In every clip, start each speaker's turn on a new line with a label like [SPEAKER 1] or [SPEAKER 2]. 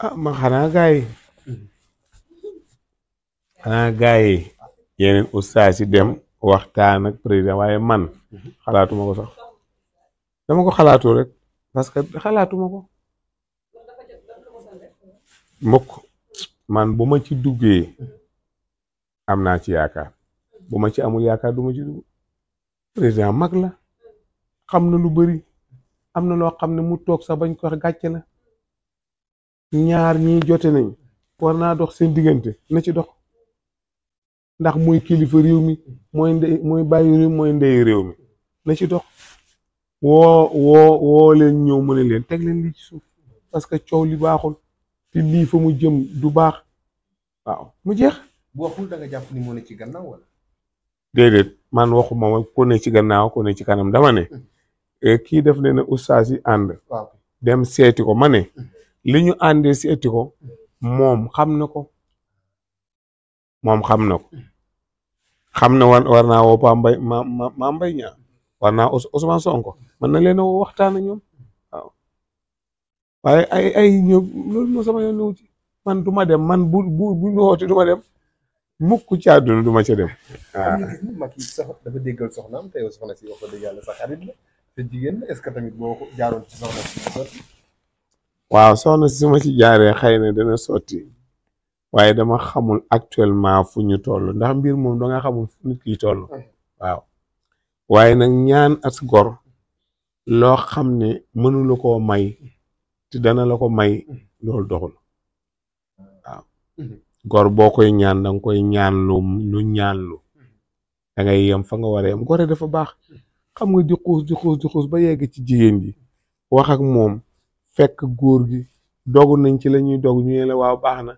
[SPEAKER 1] a ah, man xanaa gaa yi xanaa gaa yi yeneen ustaas yi dem waxtaan ak président waaye man xalaatuma ko sax dama ko xalaatu rek parce que xalaatuma ko mukk man bu ma ci duggee am naa ci yaakaar bu ma ci amul yaakaar du ci dugg président mag la xam na lu bëri am na loo xam ne mu toog sax bañ ko wax gàcce ñaar ñiy jote nañ war naa dox seen diggante na ci dox ndax mooy kilifa réew mi mooy ndey mooy bàyyi réew mi mooy ci dox woo woo woo leen ñëw mën leen teg leen ci suuf parce que coow li baaxul te lii fa mu jëm du baax waaw mu jeex. bu waxul da nga jàpp ci gannaaw wala. déedéet man waxuma ma ku ne ci gannaaw ku ne ci kanam dama ne. Mm-hmm. Eh, kii def ne ne ustaas yi ànd. dem seeti ko ma ne. Mm-hmm. li ñu àndee si ëtti moom xam na ko moom xam na ko xam na war war naa woo Pa Mbay ma ma ma Mbay ñaa war naa Ousmane Sonko mën na leen a woo waxtaan ak ñoom waaye ay ay ñoom sama yoon ñëw man du ma dem man bu bu bu ñu woote du dem mukk ci àdduna du ma ca dem. waaw mag yi sax dafa si wax dëgg yàlla sa tamit boo waaw soxna si ma ci jaaree xëy na dana sotti waaye dama xamul actuellement fu ñu toll ndax mbir moom danga xamul fu nit ki toll waaw waaye nag ñaan as gor loo xam ne mënulu koo may te dana la ko may loolu doxul waaw gor boo koy ñaan danga koy ñaan lu lu ñaan lu da ngay fa nga war a yem dafa baax xam nga di xuus ba yegg ci jigéen ji wax ak moom fekk góor gi dogu nañ ci la ñuy dog ñu ne la waaw baax na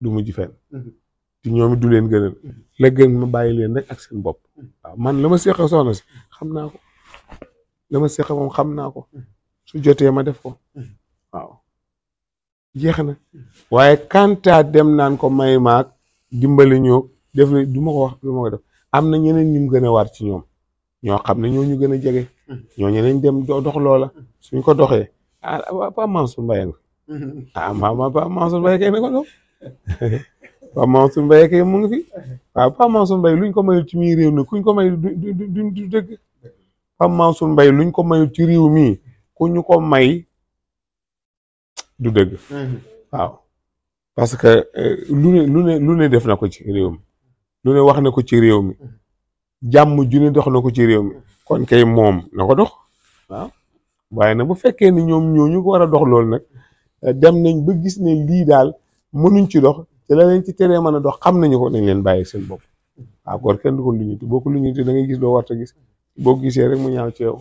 [SPEAKER 1] du mujj fenn te mm-hmm. ñoom it du leen gënal mm-hmm. la gën ma bàyyi leen rek ak seen bopp mm-hmm. man la ma seqe soxna si xam naa ko la ma seqe moom xam naa ko su jotee ma def ko waaw jeex na waaye kanta dem naan ko may maag dimbali ñoo def na du ko wax du ma ko def am na ñeneen ñu gën a war ci ñoom ñoo xam ne ñoo ñu gën a jege ñoo ñeneen dem dox loola suñ ko doxee ah, ah Pape Mansour Mbaye nga ah, ma Pape Mansour Mbaye kay ne ko dox fi waaw ah, Pape luñ ko mayul ci mii réew mi kuñ ko mayul du du du dëgg luñ ko mayul ci réew mi ku ñu ko may du dëgg mm-hmm. waaw parce que euh, lu ne lu ne def na ko ci réew mi lu ne wax na ko ci réew mi mm-hmm. jàmm ju ne na ko ci réew mi mm-hmm. kon kay moom na ko dox waye na bu fekke ni ñom ñoo ñu ko wara dox loolu nak eh, dem nañ ba gis ne li dal mënuñ ci dox té la leen ci téré mëna dox xam nañu ko nañ leen bàyyi seen bop wa gor kenn du ko lu ñu ti boo ko ti da ngay gis do warta gis bo gisé rek mu ñaaw ci yow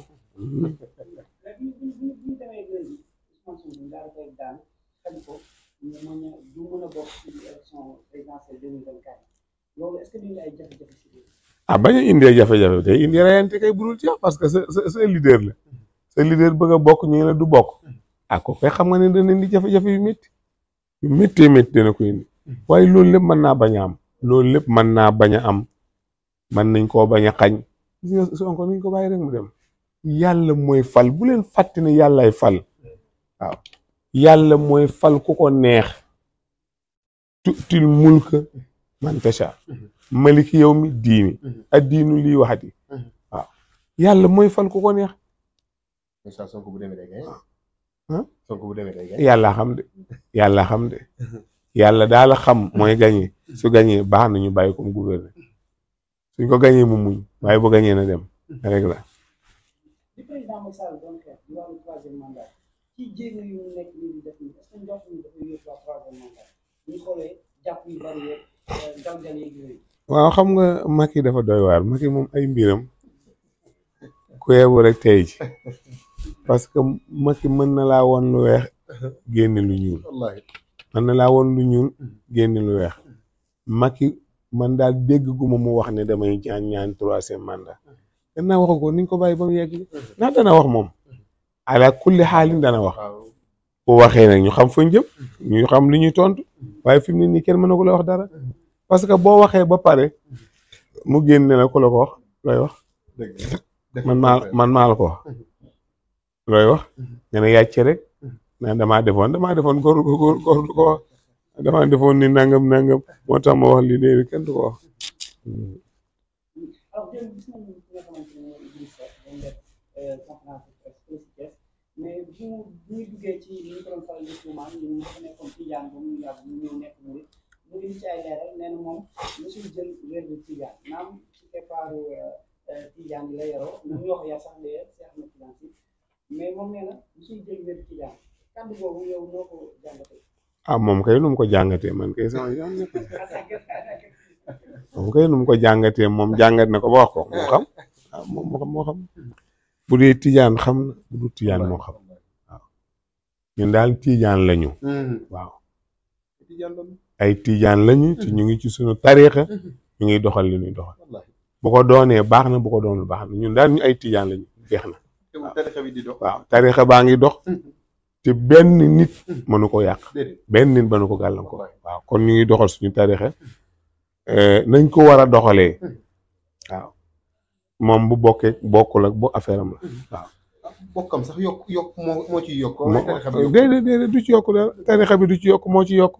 [SPEAKER 1] ah bañu indi jafé jafé té indi rayante kay burul ci parce que c'est sa leader la sa leader bëgg a bokk ñu ne du bokk ako ah, ko koy xam nga ne dana indi jafe-jafe yu métti yu méttee métti dana ko indi waaye loolu lépp mën naa bañ am loolu lépp mën naa bañ a am mën nañ ko bañ a xañ Sonko nañ ko bàyyi rek mu dem yàlla mooy fal bu leen fàtte ne yàllaay fal waaw yàlla mooy fal ku ko neex tutil mulka man tasha maliki yow mi diini mm-hmm. addiinu lii waxati mm-hmm. waaw yàlla mooy fal ku ko neex mais bu demee day gañe. yàlla xam de yàlla xam de yàlla daal xam mooy gañe su gañee baax na ñu bàyyi comme gouverneur suñ ko gañee mu muñ waaye bu gañee na dem rek la. Euh, waaw xam nga Macky dafa doy waar Macky moom ay mbiram ku yeewu rek tey parce que Macky mën na laa woon lu weex génne lu ñuul mën na laa woon lu ñuul génne lu weex Macky mën daal dégg guma mu wax ne dama damay ñaan ñaan troisième mandat danaa waxu ko niñ ko bàyyi ba mu yegg ndax dana wax moom ala kulli xaalin dana wax boo waxee nag ñu xam fuñ jëm ñu xam li ñuy tontu waaye fi mu ne nii kenn mëna ko la wax dara parce que boo waxee ba pare mu génne a ku la ko wax looy wax man maa man ko looy wax mm-hmm. nga ne mm-hmm. damaa defoon damaa defoon góor góor góor du ko wax damaa defoon ni nangam nangam moom nee ko jàngatee. ah moom kay nu mu ko jàngate man kay sama yoon moom kay nu ko jàngatee moom jàngat na ko ba wax ko moo xam waaw ah, moom bu dee tijaan xam na bu dul tijaan moo xam ñun daal tiijaan hmm. lañu. ay tijaan lañu ci hmm. ñu ngi ci sunu tariixa hmm. ñu ngi doxal li ñuy doxal bu ko doonee baax na bu ko doonul baax na ñun daal ñu ay tiijaan lañu jeex na. tarixa baa ngi dox mm-hmm. te benn nit mm-hmm. mënu ko yàq benn nit mënu ko gàllankoor kon ñu ngi doxal suñu tarixa eh, nañ ko war a doxalee mm-hmm. waaw moom bu bokkee bokkul ak bu affaire am la sax yokk yokk eh, du ci yokk dara tarixa bi du ci yokk moo ci yokk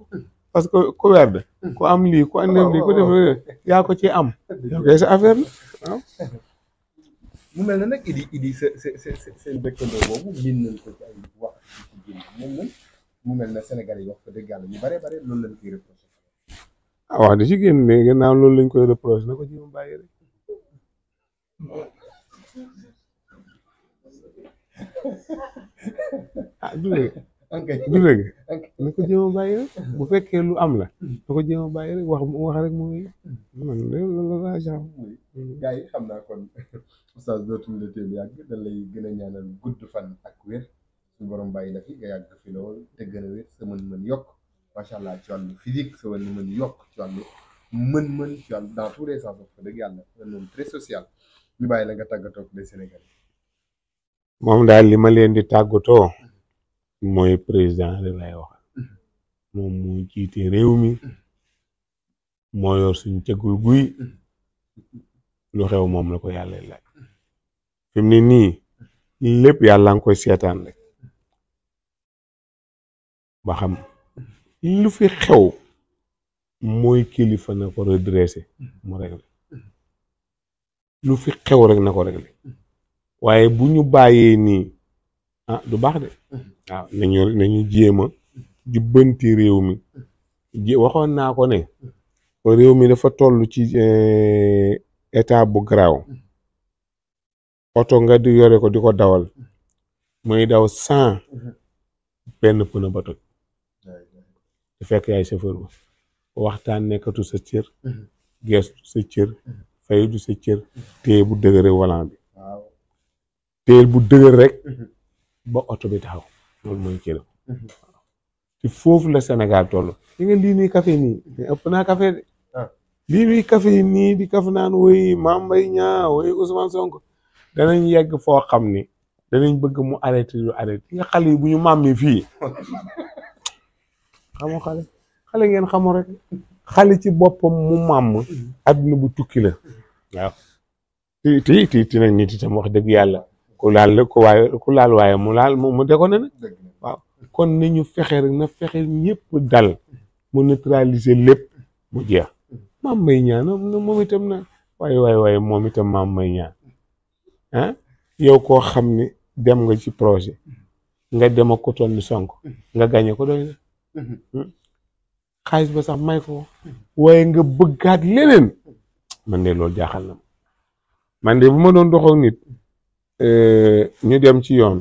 [SPEAKER 1] parce que ku werd ku am lii ku andem lii ku oh, oh, def oh. yaa ko ci am yow affaire la mu mel na nag idi ko ci ay mu mel na Sénégal yi wax ko dëgg yàlla ñu bare bare loolu lañ koy reproché. Ah, loolu lañ na ko ci moom ah, na ko jéem a bàyyi rek bu fekkee lu am la na ko jéem a bàyyi rek wax wax rek mu hmm. man loolu la laa xam. gars yi oustaz dootuñu la tee bu yàgg dañ lay gën a ñaanal gudd fan ak wér suñu borom bàyyi la fi nga yàgg fi te gën a wér sa mën-mën yokk macha allah ci wàllu physique sa mën-mën yokk ci wàllu mën-mën ci wàllu dans tous les sens wax dëgg yàlla noonu très social ñu bàyyi la nga tàggatoo ak les moom daal li ma leen di tàggatoo mooy président de lay moom moo jiite réew mi moo suñ cëggul guy lu xew moom la ko yàlla laaj fi mu nii lépp yàlla nga koy seetaan rek ba xam lu fi xew mooy kilifa na ko redressé mu réglé lu fi xew rek na ko réglé waaye bu ñu bàyyee nii ah du baax de waaw ah, nañu nañu jéem a jubbanti réew mi waxoon naa ko ne réew mi dafa toll ci eh, état bu garaaw oto nga di yore ko di ko dawal muy daw cent benn pën ba toj su fekk yaay chauffeur ba waxtaan nekkatu sa cër geestu sa cër fayidu bu dëgëre volant bi téye bu dëgër rek ba oto bi taxaw loolu foofu la Sénégal toll li nga lii nii café nii ëpp naa café lii muy kafe nii di kaf naan woy Mame Mbaye Niang woy Ousmane Sonko danañ yegg foo xam ni danañ bëgg mu arrêté lu arrêté nga xale yi bu ñu màmmee fii xamoo xale xale ngeen xamoo rek xale ci boppam mu màmm àdduna bu tukki la waaw ti ti ti ti nag nit itam wax dëgg yàlla ku laal la ku waaye ku laal waaye mu laal mu de ko ne nag waaw kon nañu fexe rek na fexe ñëpp dal mu neutraliser lépp bu jeex maam may ñaan moom itam na way waaye way moom itam maam may ñaan ah yow koo xam ne dem nga ci projet nga dem ak ko toll ni Sonko nga gañe ko doy na xaalis ba sax may ko waaye nga bëggaat leneen man de loolu jaaxal na ma man de bu ma doon dox nit eh, ñu dem ci yoon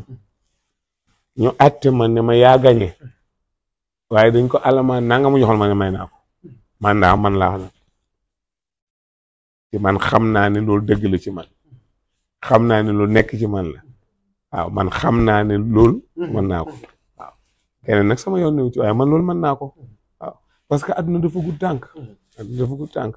[SPEAKER 1] ñu àtte man ne ma ya gañe waaye dañ ko alamaan naa nga mu joxoon ma ne may naa ko man daa ah, man laa man xam naa ne loolu dëgg la ci man xam naa ne loolu nekk ci man la waaw man xam naa ne loolu mën naa ko nag sama yoon new ci waaye man lool man naa ko waaw parce que adduna dafa gudd tànk adduna tànk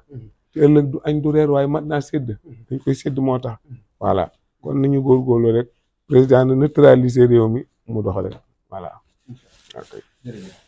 [SPEAKER 1] te ëllëg du añ du reer waaye mat naa sedd dañ koy sédd moo tax voilà kon nañu góorgóorlu rek président na neutraliser réew mi mu doxale voilà